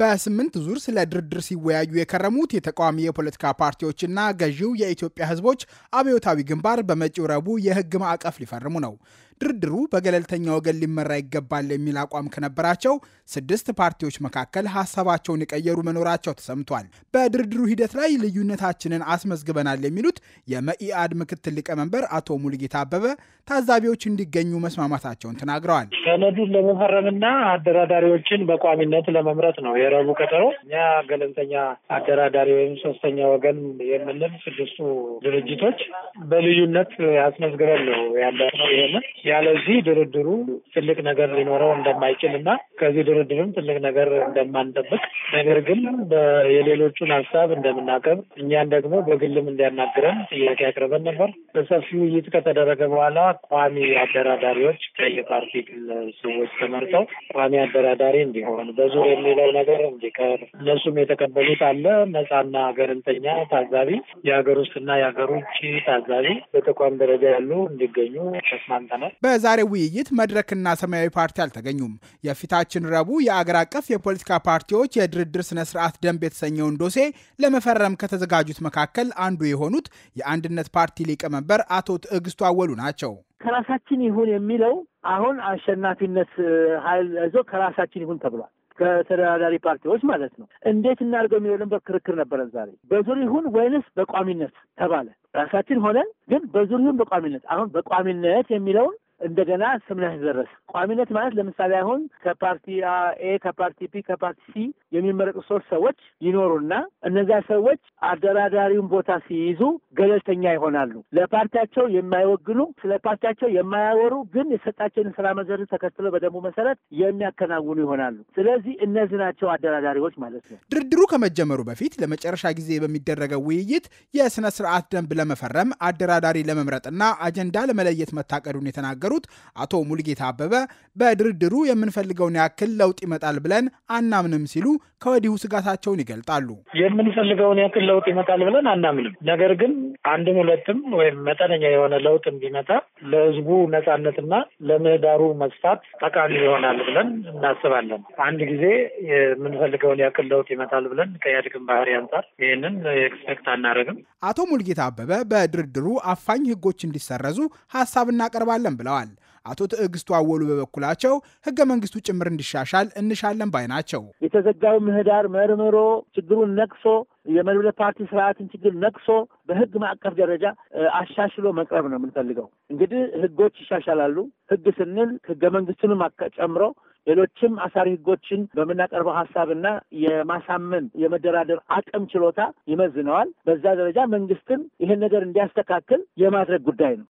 በስምንት ዙር ስለ ድርድር ሲወያዩ የከረሙት የተቃዋሚ የፖለቲካ ፓርቲዎችና ገዢው የኢትዮጵያ ሕዝቦች አብዮታዊ ግንባር በመጪው ረቡዕ የህግ ማዕቀፍ ሊፈርሙ ነው። ድርድሩ በገለልተኛ ወገን ሊመራ ይገባል የሚል አቋም ከነበራቸው ስድስት ፓርቲዎች መካከል ሀሳባቸውን የቀየሩ መኖራቸው ተሰምቷል። በድርድሩ ሂደት ላይ ልዩነታችንን አስመዝግበናል የሚሉት የመኢአድ ምክትል ሊቀመንበር አቶ ሙልጌታ አበበ ታዛቢዎች እንዲገኙ መስማማታቸውን ተናግረዋል። ሰነዱን ለመፈረምና አደራዳሪዎችን በቋሚነት ለመምረጥ ነው የረቡዕ ቀጠሮ። እኛ ገለልተኛ አደራዳሪ ወይም ሶስተኛ ወገን የምንል ስድስቱ ድርጅቶች በልዩነት አስመዝግበን ነው ያለ ነው ይሄንን ያለዚህ ድርድሩ ትልቅ ነገር ሊኖረው እንደማይችል እና ከዚህ ድርድርም ትልቅ ነገር እንደማንጠብቅ ነገር ግን የሌሎቹን ሀሳብ እንደምናቀብ እኛን ደግሞ በግልም እንዲያናግረን ጥያቄ ያቅርበን ነበር። በሰፊ ውይይት ከተደረገ በኋላ ቋሚ አደራዳሪዎች ከየፓርቲ ግል ሰዎች ተመርጠው ቋሚ አደራዳሪ እንዲሆን በዙር የሚለው ነገር እንዲቀር እነሱም የተቀበሉት አለ። ነጻና ገለልተኛ ታዛቢ፣ የሀገር ውስጥና የሀገር ውጭ ታዛቢ በተቋም ደረጃ ያሉ እንዲገኙ ተስማምተናል። በዛሬ ውይይት መድረክና ሰማያዊ ፓርቲ አልተገኙም። የፊታችን ረቡዕ የአገር አቀፍ የፖለቲካ ፓርቲዎች የድርድር ስነ ስርዓት ደንብ የተሰኘውን ዶሴ ለመፈረም ከተዘጋጁት መካከል አንዱ የሆኑት የአንድነት ፓርቲ ሊቀመንበር አቶ ትዕግስቱ አወሉ ናቸው። ከራሳችን ይሁን የሚለው አሁን አሸናፊነት ኃይል ይዞ ከራሳችን ይሁን ተብሏል። ከተደራዳሪ ፓርቲዎች ማለት ነው። እንዴት እናድርገው የሚለው ድንበር ክርክር ነበረ ዛሬ። በዙር ይሁን ወይንስ በቋሚነት ተባለ። ራሳችን ሆነን ግን በዙር ይሁን በቋሚነት አሁን በቋሚነት የሚለውን እንደገና ስምነህ ደረስ ቋሚነት ማለት ለምሳሌ አሁን ከፓርቲ ኤ ከፓርቲ ፒ ከፓርቲ ሲ የሚመረጡ ሶስት ሰዎች ይኖሩና እነዚያ ሰዎች አደራዳሪውን ቦታ ሲይዙ ገለልተኛ ይሆናሉ። ለፓርቲያቸው የማይወግኑ ስለ ፓርቲያቸው የማያወሩ ግን የሰጣቸውን ስራ መዘር ተከትሎ በደንቡ መሰረት የሚያከናውኑ ይሆናሉ። ስለዚህ እነዚህ ናቸው አደራዳሪዎች ማለት ነው። ድርድሩ ከመጀመሩ በፊት ለመጨረሻ ጊዜ በሚደረገው ውይይት የስነ ስርዓት ደንብ ለመፈረም አደራዳሪ ለመምረጥና አጀንዳ ለመለየት መታቀዱን የተናገሩ የነበሩት አቶ ሙልጌታ አበበ በድርድሩ የምንፈልገውን ያክል ለውጥ ይመጣል ብለን አናምንም ሲሉ ከወዲሁ ስጋታቸውን ይገልጣሉ። የምንፈልገውን ያክል ለውጥ ይመጣል ብለን አናምንም፣ ነገር ግን አንድም ሁለትም ወይም መጠነኛ የሆነ ለውጥ እንዲመጣ ለህዝቡ ነጻነትና ለምህዳሩ መስፋት ጠቃሚ ይሆናል ብለን እናስባለን። አንድ ጊዜ የምንፈልገውን ያክል ለውጥ ይመጣል ብለን ከኢህአዴግን ባህሪ አንጻር ይህንን ኤክስፔክት አናደርግም። አቶ ሙልጌታ አበበ በድርድሩ አፋኝ ህጎች እንዲሰረዙ ሀሳብ እናቀርባለን ብለዋል። አቶ ትዕግስቱ አወሉ በበኩላቸው ህገ መንግስቱ ጭምር እንዲሻሻል እንሻለን ባይ ናቸው። የተዘጋው ምህዳር መርምሮ ችግሩን ነቅሶ የመድብለ ፓርቲ ስርዓትን ችግር ነቅሶ በህግ ማዕቀፍ ደረጃ አሻሽሎ መቅረብ ነው የምንፈልገው። እንግዲህ ህጎች ይሻሻላሉ። ህግ ስንል ህገ መንግስቱንም ጨምሮ ሌሎችም አሳሪ ህጎችን በምናቀርበው ሀሳብና የማሳመን የመደራደር አቅም ችሎታ ይመዝነዋል። በዛ ደረጃ መንግስትን ይህን ነገር እንዲያስተካክል የማድረግ ጉዳይ ነው።